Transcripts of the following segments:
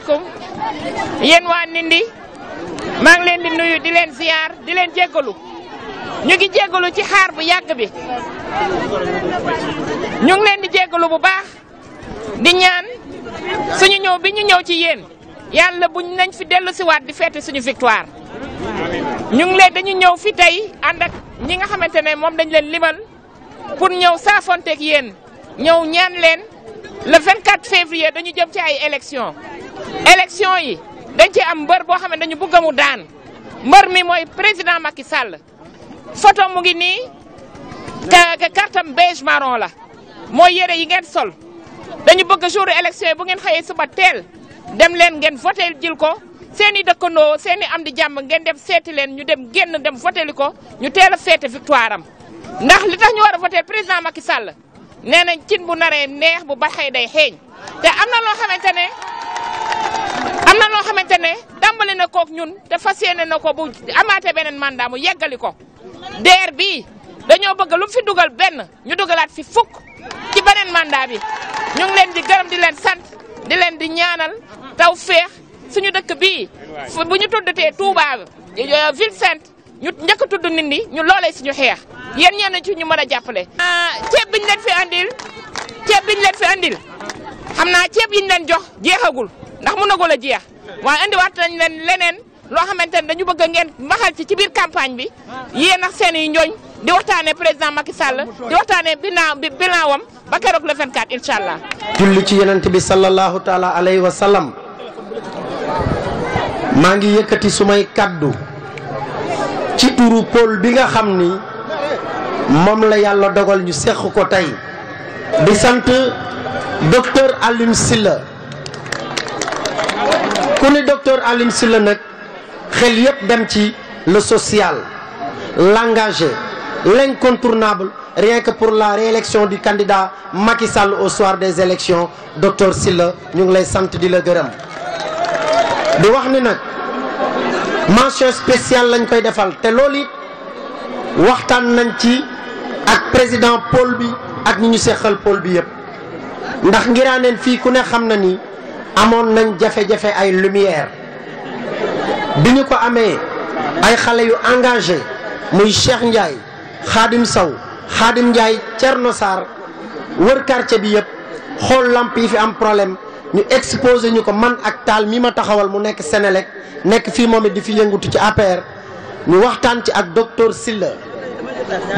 asalaamaaleykum yéen waa Nindi maa leen di nuyu di leen ziar di leen jéggalu ñu ngi jéggalu ci xaar bu yàgg bi ñu ngi leen di jéggalu bu baax di ñaan suñu ñëw bi ñu ñëw ci yéen yàlla buñ nañ fi dellu si waat di feete suñu victoire ñu ngi leen dañu ñëw fi tey ànd ak ñi nga xamante ne moom dañ leen limal pour ñëw saafonteeg yéen ñëw ñaan leen le 24 février dañu jëm ci ay élections élection yi dañ ci am mbër boo xam ne dañu bëgg a mu daan mbër mi mooy président Macky Sall photo mu ngi nii ka kartam beige marron la mooy yëre yi ngeen sol dañu bëgg jour élection yi bu ngeen xëyee suba teel dem leen ngeen voté jël ko seen i dëkkandoo seen i am di jàmm ngeen dem seeti leen ñu dem génn dem voté ko ñu teel a féete victoire am ndax li tax ñu war a voté président Macky Sall nee nañ cin bu naree neex bu baxee day xeeñ te am na loo xamante am na loo xamante ne tàmbali na kook ñun te fas na ko bu amaatee beneen mandat mu yeggali ko DER bi dañoo bëgg lu fi dugal benn ñu dugalaat fi fukk ci beneen mandat bi ñu ngi leen di gërëm di leen sant di leen di ñaanal taw féex suñu dëkk bii bu ñu tuddatee Touba euh, ville sainte ñu njëkk tudd nit ñi ñu si ñu xeex yéen ñeen ci ñu mën a jàppale. Ah, ceeb biñ leen fi andil ceeb biñ leen fi andil. xam naa ceeb yi ñu leen jox jeexagul ndax mënagul a jeex waaye indiwaat nañ leen leneen loo xamante ne dañu bëgg ngeen maxal ci ci biir campagne bi yéen ak seen i njooñ di waxtaanee président Macky Sall di waxtaanee bilan bilan wam ba keroog le 24 incha allah. julli ci yonent bi sallallahu taala alayhi wa sallam maa ngi yëkkati sumay kàddu ci turu pôle bi nga xam ni moom la yàlla dogal ñu seq ko tey di docteur Alioune Sylla ku ni docteur Alioune Sylla nag xel yépp dem ci le social l'engagé l'incontournable rien que pour la réélection du candidat Macky Sall au soir des élections docteur Sylla ñu ngi lay sant di la gërëm di wax ni nag mention spéciale lañ koy defal te lool it waxtaan nañ ci ak président pôle bi ak ñu ñu seqal pôle bi yépp ndax ngiraaneen fii ku ne xam na ni amoon nañ jafe-jafe ay lumière bi ñu ko amee ay xale yu engagé muy Cheikh Ndiaye Khadim saw Khadim Ndiaye Thierno Sarr wër quartier bi yëpp xool lamp yi fi am problème ñu exposé ñu ko man ak taal mi ma taxawal mu nekk Sénélec nekk fii moom it di fi yëngutu ci APR ñu waxtaan ci ak docteur Silla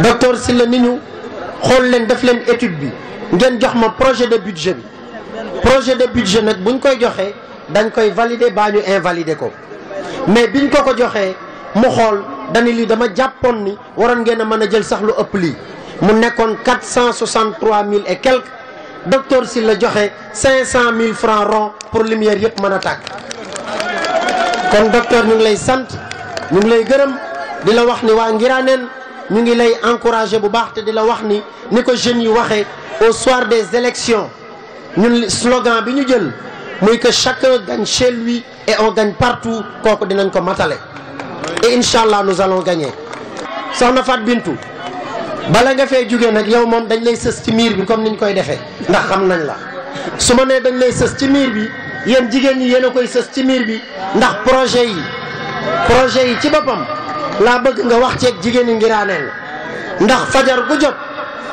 docteur Silla ni ñu xool leen def leen étude bi ngeen jox ma projet de budget bi projet de budget nag buñ koy joxee dañ koy valider baa ñu invalider ko mais biñ ko ko joxee mu xool dani lii dama jàppoon ni waroon ngeen a mën a jël sax lu ëpp lii mu nekkoon quatre cent soixante trois mille et quelque docteur si la joxe cinq cent mille francs rond pour lumière yëpp mën a tàkk kon docteur ñu ngi lay sant ñu ngi lay gërëm di la wax ni waa Ngiraneen ñu ngi lay encouragé bu baax te di la wax ni ni ko jeunes yi waxee au soir des élections ñun slogan bi ñu jël muy que chaque gagne chez lui et on gagne partout kooku dinañ ko matale et incha allah nous allons gagner soxna Fat Bintou bala nga fee jóge nag yow moom dañ lay sës ci miir bi comme niñ koy defee ndax xam nañ la su ma nee dañ lay sës ci miir bi yéen jigéen ñi yéen a koy sës ci miir bi ndax projet yi projet yi ci boppam laa bëgg nga wax ceeg jigéen yi na ndax fajar gu jot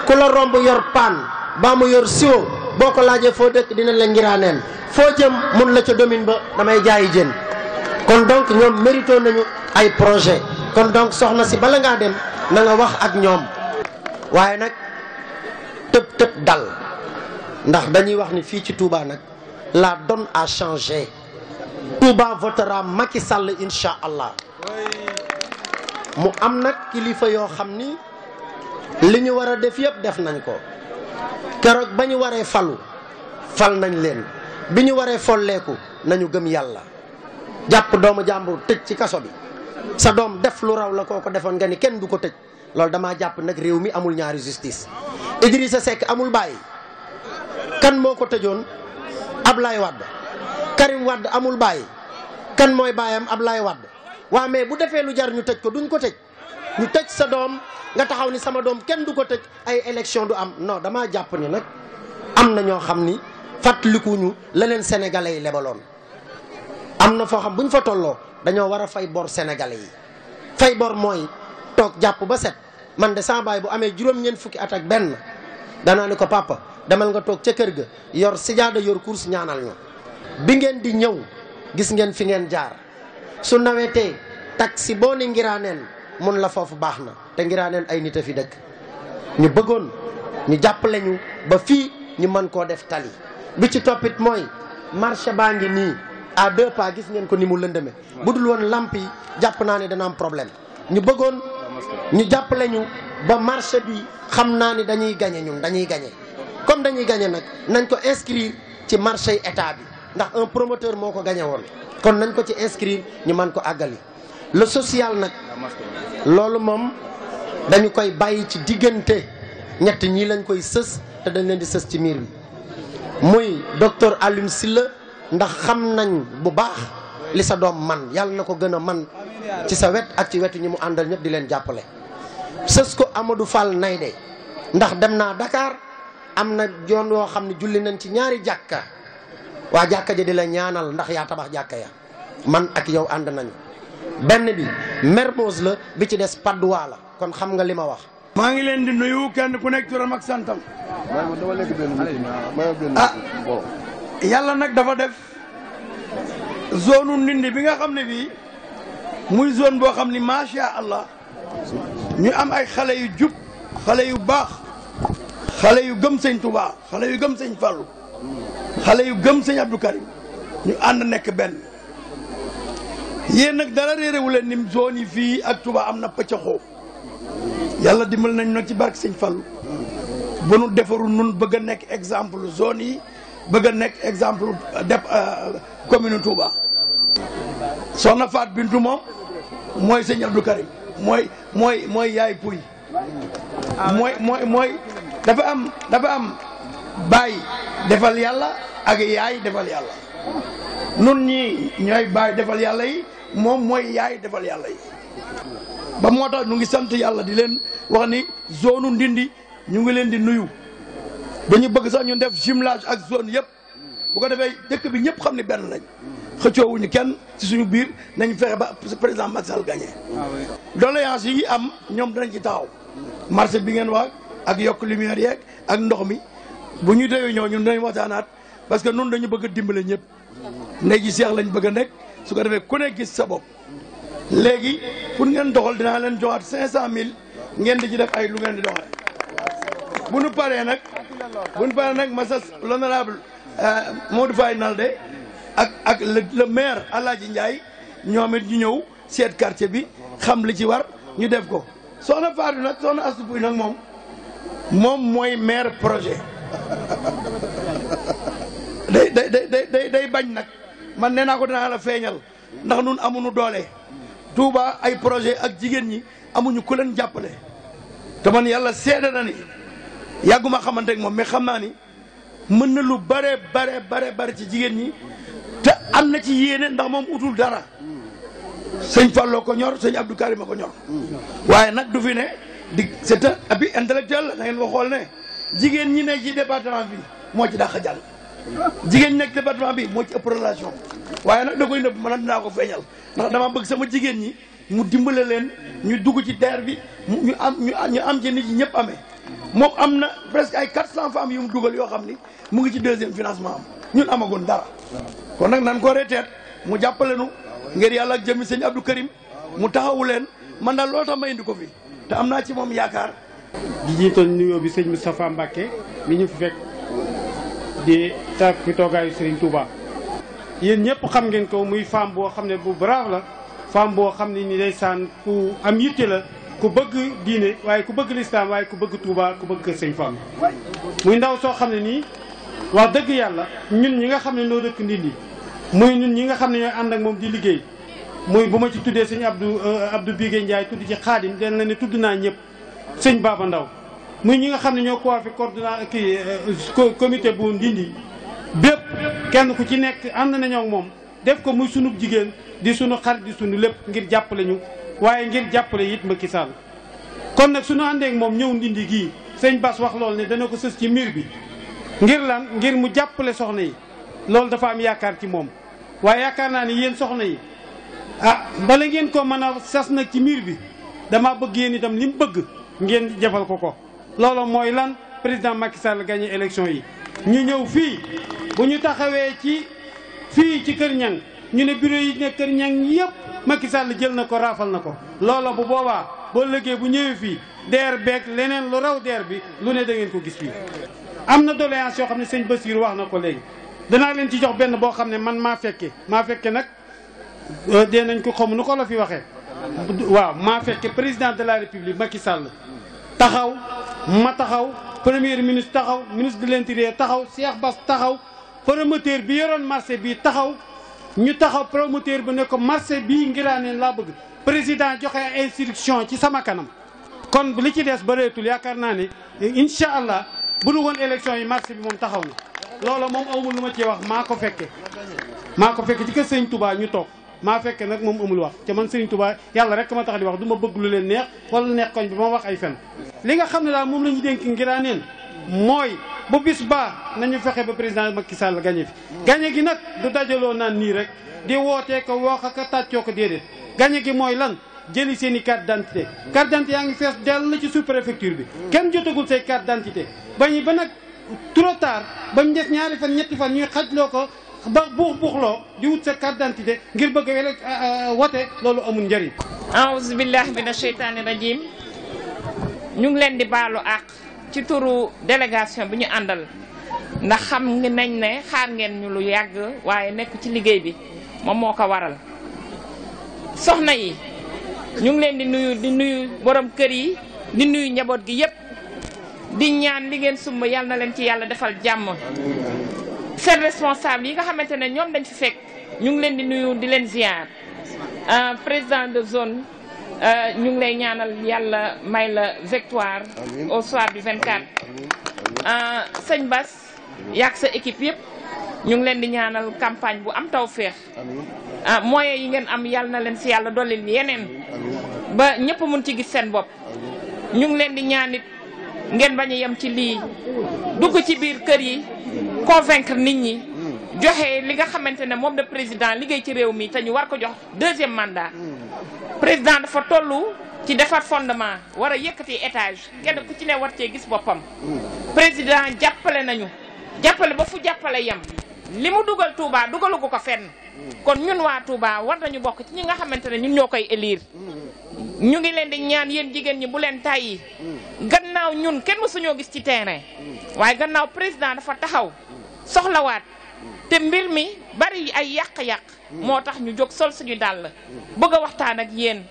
ku la romb yor paan baa mu yor siwo boo ko laajee foo dëkk dina la ngiraaneen foo jëm mun la ca domine ba damay jaayi jën kon donc ñoom mérito nañu ay projet kon donc soxna si bala ngaa dem na wax ak ñoom waaye nag tëb tëb dal ndax dañuy wax ni fii ci Touba nag la donne a changé Touba votera Macky Sall incha allah mu am nag kilifa yoo xam ni. li ñu war a def yëpp def nañ ko keroog ba ñu waree falu fal nañ leen bi ñu waree folleeku nañu gëm yàlla jàpp doomu jàmbur tëj ci kaso bi sa doom def lu raw la koo ko defoon nga ni kenn du ko tëj loolu damaa jàpp nag réew mi amul ñaari justice Idrissa sekk amul bàyyi kan moo ko tëjoon ab lay Wade Karim Wade amul bàyyi kan mooy bàyyam Ablaye Wade waa mais bu defee lu jar ñu tëj ko duñ ko tëj ñu tëj sa doom nga taxaw ni sama doom kenn du ko tëj ay élection du am noo dama jàpp ni nag am na ñoo xam ni fàttalikuñu leneen leen yi lebaloon am na foo xam bu ñu fa tolloo dañoo war a fay bor sénégalais yi fay bor mooy toog jàpp ba set man de sama baay bu amee juróom-ñeent fukki at ak benn danaa ni ko papa demal nga toog ca kër ga yor sijaada yor course ñaanal ñu bi ngeen di ñëw gis ngeen fi ngeen jaar su nawetee taxi boo ni ngiraa neen mun la foofu baax na te ngiraaneen ay nit a fi dëkk ñu bëggoon ñu jàppale ñu ba fii ñu mën koo def tali bi ci toppit mooy marché baa ngi nii à deux pas gis ngeen ko ni mu lëndëme bu dul woon làmp yi jàpp naa ne dana am problème ñu bëggoon ñu jàppale ñu ba marché bi xam naa ni dañuy gañe ñun dañuy gañe comme dañuy gañe nag nañ ko inscrire ci marché état bi ndax un promoteur moo ko gañe woon kon nañ ko ci inscrire ñu mën ko àggali la social nag loolu moom dañu koy bàyyi ci diggante ñett ñii lañ koy sës te dañ leen di sës ci miir bi muy docteur Alioune Sylla ndax xam nañ bu baax li sa doom man yàlla na ko gën a man ci sa wet ak ci wetu ñi mu àndal ñëpp di leen jàppale sës ko Amadou Fall nay de ndax dem naa Dakar am na joon woo xam ne julli nañ ci ñaari jàkka waa jàkka ja di la ñaanal ndax yaa tabax jàkka ya man ak yow ànd nañu benn bi Mermoz la bi ci des Patte la kon xam nga li ma wax. maa ngi leen di nuyu kenn ku nekk turam ak santam. ah yàlla nag dafa def zone ndindi bi nga xam ne bii muy zone boo xam ni macha allah ñu am ay xale yu jub xale yu baax xale yu gëm sëñ Touba xale yu gëm sëñ Fallou xale yu gëm sëñ Abdou Karim ñu ànd nekk benn. yéen nag dara réerewu leen ni zone yi fii ak Touba am na pëccaxoo yàlla dimbal nañ nag ci barke Sëñ Fallu bu nu defaru nun bëgg a nekk exemple zone yi bëgg a nekk exemple dep euh, commune Touba soxna Faat Bintu moom mooy sëñ Abdou Karim mooy mooy mooy yaay puy mooy mooy mooy dafa am dafa am baay defal yàlla ak yaay defal yàlla nun ñii ñooy baay defal yàlla yi moom mooy yaay defal yàlla yi ba moo tax ñu ngi sant yàlla di leen wax ni zone ndindi ñu ngi leen di nuyu ba ñu bëgg sax ñu def jumelage ak zone yëpp bu ko defee dëkk bi ñëpp xam ne benn lañ xëccoowuñu kenn ci suñu biir nañ fexe ba président Macky Sall gagné. doléance yi am ñoom danañ ci taxaw marché bi ngeen waa ak yokk lumière yeeg ak ndox mi bu ñu déwee ñoo ñun dañ waxtaanaat parce que nun dañu bëgg a dimbale ñëpp ndey ji seex lañ bëgg a nekk. su ko defee ku ne gis sa bopp léegi pour ngeen doxal dinaa leen joxaat cinq cent mille ngeen di ci def ay lu ngeen di doxal bu nu paree nag bu nu paree nag masa l'honorable euh, Modou Faye Naldé ak ak le maire Alaaji Ndiaye ñoom it ñu ñëw seet quartier bi xam li ci war ñu def ko soxna Fatou nag soxna Astou Pouye nag moom moom mooy maire projet day bañ nag man nee naa ko dinaa la feeñal ndax nun amuñu doole Touba ay projet ak jigéen ñi amuñu ku leen jàppale te man yàlla seede na ni yàgguma xamante ak moom mais xam naa ni mën na lu bare bare bare bare ci jigéen ñi te am na ci yéene ndax moom utul dara sëñ Falloo ko ñor sëñ Abdou ma ko ñor waaye nag du fi ne di c'est abi intellectuel la na ngeen ko xool ne jigéen ñi ne ci département bi moo ci dàq jàll jigéen ñi nekk département bi moo ci ëpp relation waaye nag da koy ma man dinaa ko feeñal ndax dama bëgg sama jigéen ñi mu dimbale leen ñu dugg ci DER bi ñu am ñu am ci nit ñi ñëpp amee moom am na presque ay quatre cent femmes yu mu dugal yoo xam ni mu ngi ci deuxième financement am ñun amagoon dara kon nag nan ko reteet mu jàppale nu ngir yàlla ak jëmmi sëñ Abdou Karim mu taxawu leen man daal loolu tax ma indi ko fi te am naa ci moom yaakaar di bi sëñ Moustapha Mbacké ñu fi fekk di tàgg fi toogaayu Serigne Touba. yéen ñëpp xam ngeen ko muy femme boo xam ne bu brave la femme boo xam ne ni ndeysaan ku am yitte la ku bëgg diine waaye ku bëgg lislaam waaye ku bëgg Touba ku bëgg kër Serigne Fall muy ndaw soo xam ne nii wax dëgg yàlla ñun ñi nga xam ne noo dëkk Ndindi muy ñun ñi nga xam ne ñooy ànd ak moom di liggéey muy bu ma ci tuddee sëñ Abdou euh, Abdou Bigué Ndiaye tudd ci xaadim den la ne tudd naa ñëpp sëñ Baba Ndaw muy ñi nga xam ne ñoo coiffé coordonnateur kii euh, comité bu Ndindi bépp kenn ku ci nekk ànd nañoo moom def ko muy sunu jigéen di suñu xarit di sunu lépp ngir jàppale ñu waaye ngir jàppale it Macky Sall kon nag sunu àndee moom ñëw Ndindi gii sëñ Bass wax lool ne dana ko sës ci miir bi ngir lan ngir mu jàppale soxna yi loolu dafa am yaakaar ci moom waaye yaakaar naa ni yéen soxna yi ah bala ngeen ko mën a sas nag ci miir bi dama bëgg yéen itam li mu bëgg ngeen jafal ko ko looloo mooy lan président Macky Sall gagné élection yi ñu ñëw fii bu ñu taxawee ci fii ci Kër ñan ñu ne bureau yi ne Kër Ñang yëpp Macky Sall jël na ko raafal na ko loolu bu boobaa boo liggéey bu ñëwee fii deer beeg leneen lu raw deer bi lu ne da ngeen ko gis fii am na doléance yoo xam ne sëñ Bassirou wax na ko léegi danaa leen ci jox benn boo xam ne man maa fekke maa fekke nag euh, dee nañ ko xamu nu ko la fi waxee waaw maa fekke président de la république Macky Sall ma taxaw premier ministre taxaw ministre de l'intérieur taxaw Cheikh Bass taxaw promoteur bi yoroon marché bi taxaw ñu taxaw promoteur bu ne ko marché bii Ngiraaneen laa bëgg président joxe ay instruction ci sama kanam kon li ci des bëreetul yaakaar naa ne incha allah bu nu woon élection yi marché bi moom taxaw na loolu moom amul lu ma ci wax maa ko fekke maa ko fekke ci kër Sëñ Touba ñu toog maa fekke nag moom amul wax ca man Sëriñ Tuubaa yàlla rek ma tax di wax du ma bëgg lu leen neex wala neex koñ bi ma wax ay fen li nga xam ne daal moom la ñu dénk ngiraaneen mooy bu bis baa nañu fexe ba président Macky Sall gañe fi gañe gi nag du dajaloo naan nii rek di wootee ko woox ak a tàccoo ko déedéet gañe gi mooy lan jëli seen i carte d'identité carte d'identité yaa ngi fees dell na ci sous préfecture bi kenn jotagul say carte d'identité bañu ba nag trop tard ba mu des ñaari fan ñetti fan ñuy xajloo ko ba buux buuxloo di wut sa carte d'identité ngir bëgg a euh, euh, wote loolu amul njëriñ aouzu billahi mina sheytaani rajim ñu ngi leen di baalu àq ci turu délégation bi ñu àndal ndax xam ngi nañ ne xaar ngeen ñu lu yàgg waaye nekk ci liggéey bi moom moo ko waral soxna yi ñu ngi leen di nuyu di nuyu borom kër yi di nuyu njaboot gi yépp di ñaan li ngeen sumb yàlla na leen ci yàlla defal jàmm seen responsable yi nga xamante ne ñoom dañ fi fekk ñu ngi leen di nuyu di leen ziar euh, président de zone euh, ñu ngi lay ñaanal yàlla may la victoire au soir du 24. Euh, sëñ Bass yàgg sa équipe yëpp ñu ngi leen di ñaanal campagne bu am tawféex ah moyens yi ngeen am yàlla na leen si yàlla dollil yeneen ba ñëpp mun ci gis seen bopp ñu ngi leen di ñaanit ngeen bañ a yem ci lii dugg ci biir kër yi. convaincre nit ñi joxe li nga xamante ne moom da président liggéey ci réew mi te ñu war ko jox deuxième mandat président dafa tollu ci defar fondement war a yëkkati étage kenn ku ci ne war cee gis boppam président jàppale nañu jàppale ba fu jàppale yem li mu dugal Touba dugalu ko ko fenn kon ñun waa Touba war nañu bokk ci ñi nga xamante ne ñun ñoo koy élire ñu ngi leen di ñaan yéen jigéen ñi bu leen tàyyi gannaaw ñun kenn mësuñoo gis ci terrain waaye gannaaw président dafa taxaw soxlawaat te mbir mi bari ay yàq-yàq moo tax ñu jóg sol suñu dàll bëgg a waxtaan ak yéen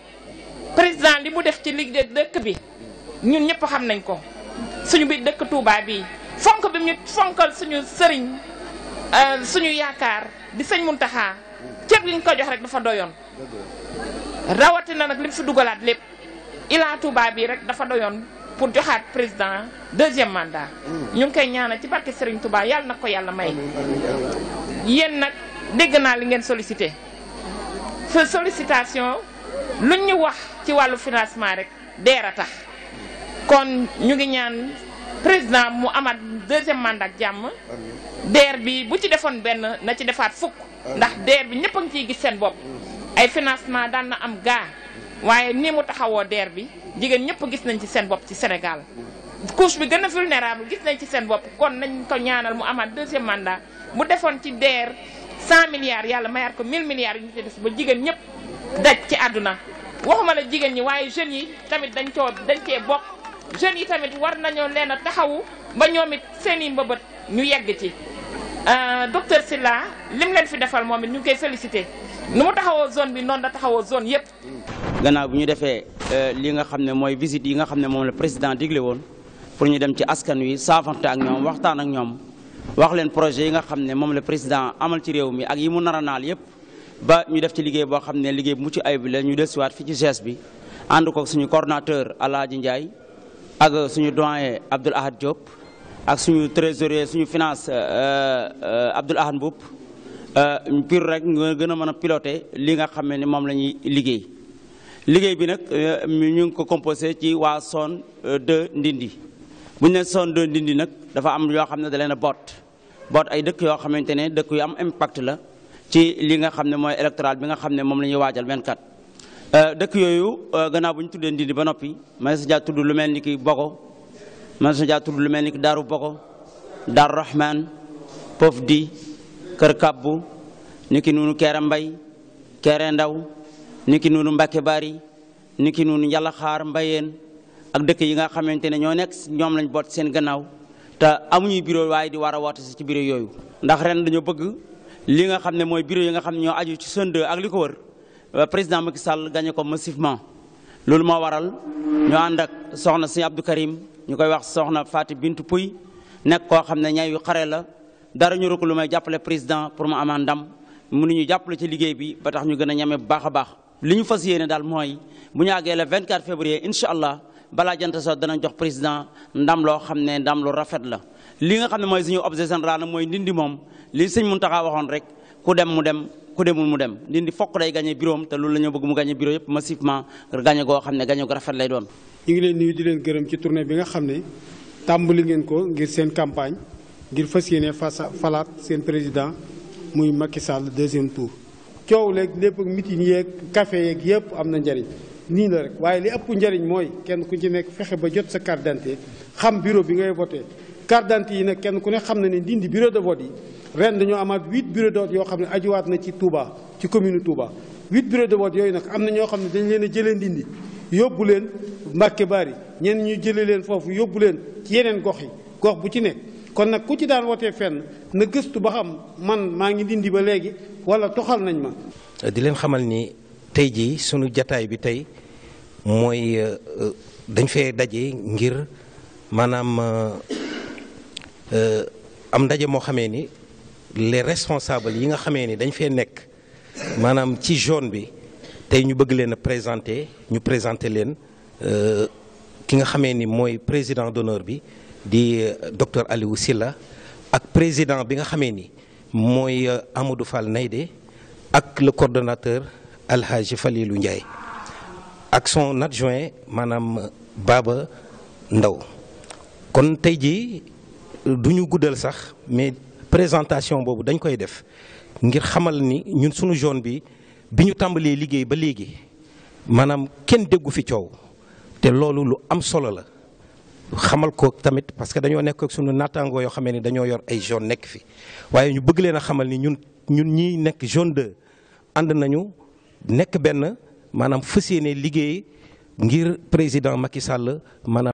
président li mu def ci liggéey dëkk bi ñun ñëpp xam nañ ko suñu biir dëkk Touba bi fonk bi ñu fonkal suñu sëriñ euh, suñu yaakaar di sëñ Muntaxa cër liñ ko jox rek dafa doyoon rawatina nag li fi dugalaat lépp illaa Touba bi rek dafa doyoon pour joxaat président deuxième mandat. Mm. ñu ngi koy ñaanal ci barke Serigne Touba yàlla na ko yàlla may. yéen nag dégg naa li ngeen sollicité. sa sollicitation luñ ñu wax ci wàllu financement rek deer a tax kon ñu ngi ñaan président mu amaat deuxième mandat jàmm. deer bi bu ci defoon benn na ci defaat fukk. ndax deer bi ñëpp a ngi ciy gis seen bopp. Mm. ay financement daan na am gaa. waaye ni mu taxawoo deer bi jigéen ñëpp gis nañ ci seen bopp ci Sénégal couche bi gën a vulnérable gis nañ ci seen bopp kon nañ ko ñaanal mu amaat deuxième mandat mu defoon ci deer cent milliards yàlla mayaat ko mille milliards yu ñu ci des ba jigéen ñëpp daj ci àdduna waxuma la jigéen ñi waaye jeunes yi tamit dañ coo dañ cee bokk jeunes yi tamit war nañoo leen a taxawu ba ñoom it seen i mbëbët ñu yegg ci euh, docteur Sylla lim leen fi defal moom it ñu ngi koy félicité nu mu zone bi noonu la taxawoo zone yëpp gannaaw bi ñu defee euh, li nga xam ne mooy visite yi nga xam ne moom la président digle woon pour ñu dem ci askan wi saafante ak ñoom waxtaan ak ñoom wax leen projet yi nga xam ne moom la président amal ci réew mi ak yi mu nar a naal yëpp ba ñu def ci liggéey boo xam ne liggéey bu mucc ayib la ñu dellusiwaat fii ci GES bi ànd ko suñu coordonnateur Alaaji Ndiaye ak suñu doyen Abdoul Ahad Diop ak suñu trésorier suñu finance euh, euh, Abdoul Ahad Mboup rek nga gën a mën a piloté li nga xam ne moom la ñuy liggéey liggéey bi nag euh, ñu ngi ko composé ci waa son euh, de Ndindi bu ñu ne zone de Ndindi nag dafa am yoo xam ne da leen a boot boot ay dëkk yoo xamante ne dëkk yu am impact la ci li nga xam ne mooy électoral bi nga xam ne moom la ñuy waajal 24. Euh, dëkk yooyu gannaaw bu ñu tuddee Ndindi ba noppi ma sa jaa tudd lu mel ni ki Bogo ma sa jaa tudd lu mel ni ki Daaru Bogo Daaru Rahman Pofdi Kër Kabbu ni ki noonu Kéré Mbay kere Ndaw niki noonu Mbàkke Bari niki noonu xaar Mbayeen ak dëkk yi nga xamante ne ñoo nekk ñoom lañ boot seen gannaaw te amuñuy bureau waaye di war a woote si ci bureau yooyu. ndax ren dañoo bëgg li nga xam ne mooy bureau yi nga xam ne ñoo aju ci Sendé ak li ko wër président Macky Sall gagné ko massivement loolu moo waral ñu ànd ak soxna si Abdou Karim ñu koy wax soxna faati bint Pouy nekk koo xam ne ñay yu xare la dara ñu rek lu may jàppale président pour mu amaan ndam mënuñu jàppale ci liggéey bi ba tax ñu gën a ñeme bu baax a baax. li ñu fas yéene daal mooy bu ñu àggee le 24 février incha allah balaa jant so danañ jox président ndam loo xam ne ndam lu rafet la. li nga xam ne mooy suñu objet général na mooy ndindi moom li mun Mountakha waxoon rek ku dem mu dem ku demul mu dem ndindi fokk day gagné bureau te loolu la ñu bëgg mu gagné bureau yëpp massivement gagné goo xam ne gagné gu rafet lay doon. ñu ngi leen nuyu di leen gërëm ci tournée bi nga xam ne tàmbali ngeen ko ngir seen campagne ngir fas yéene falaat seen président muy Macky Sall deuxième tour. coow leeg lépp ak mitin yeeg café yeeg yëpp am na njariñ nii la rek waaye li ëpp njariñ mooy kenn ku ci nekk fexe ba jot sa carte d'identité xam bureau bi ngay voté carte d'identité yi nag kenn ku ne xam na ne ndindi bureau de vote yi ren dañoo amaat huit bureau de vote yoo xam ne ajuwaat na ci Touba ci commune Touba huit bureau de vote yooyu nag am na ñoo xam ne dañ leen a jëlee ndindi yóbbu leen baar yi ñenn ñu jëlee leen foofu yóbbu leen ci yeneen gox yi gox bu ci nekk kon nag ku ci daan wotee fenn na gëstu ba xam man maa ngi dindi ba léegi wala toxal nañ ma. di leen xamal ni tey jii sunu jataay bi tey mooy euh, dañ fee daje ngir maanaam euh, euh, am ndaje moo xamee ni les responsables yi nga xamee ni dañ fee nekk maanaam ci zone bi tey ñu bëgg leen présenté ñu présenter leen ki nga xamee ni mooy président d'honneur bi di docteur Aliou Sylla ak président bi nga xamee ni mooy euh, Amadou Fall Naydé ak le coordonnateur Alhaji Falilou Ndiaye ak son adjoint maanaam Baba Ndaw kon tey jii euh, du ñu guddal sax mais présentation boobu dañ koy def ngir xamal ni ñun sunu zone bi bi ñu tàmbalee liggéey ba léegi maanaam kenn déggu fi coow te loolu lu am solo la xamal ko tamit parce que dañoo nekk ak sunu naataangoo yoo xamee ni dañoo yor ay zone nekk fi waaye ñu bëgg leen a xamal ni ñun ñun ñii nekk zone de ànd nañu nekk benn maanaam fas yéene liggéey ngir président Macky Sall maanaam